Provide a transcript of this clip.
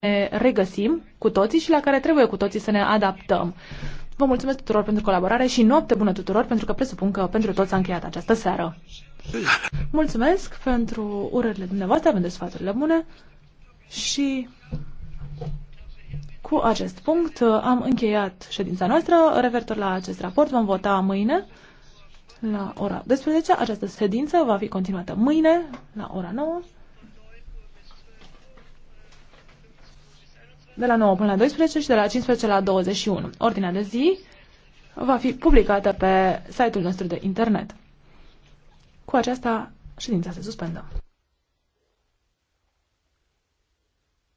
ne regăsim cu toții și la care trebuie cu toții să ne adaptăm. Vă mulțumesc tuturor pentru colaborare și noapte bună tuturor, pentru că presupun că pentru toți s-a încheiat această seară. Mulțumesc pentru urările dumneavoastră, pentru sfaturile bune și cu acest punct am încheiat ședința noastră. Revertor la acest raport vom vota mâine la ora 12. Această ședință va fi continuată mâine la ora 9. de la 9 până la 12 și de la 15 la 21. Ordinea de zi va fi publicată pe site-ul nostru de internet. Cu aceasta, ședința se suspendă.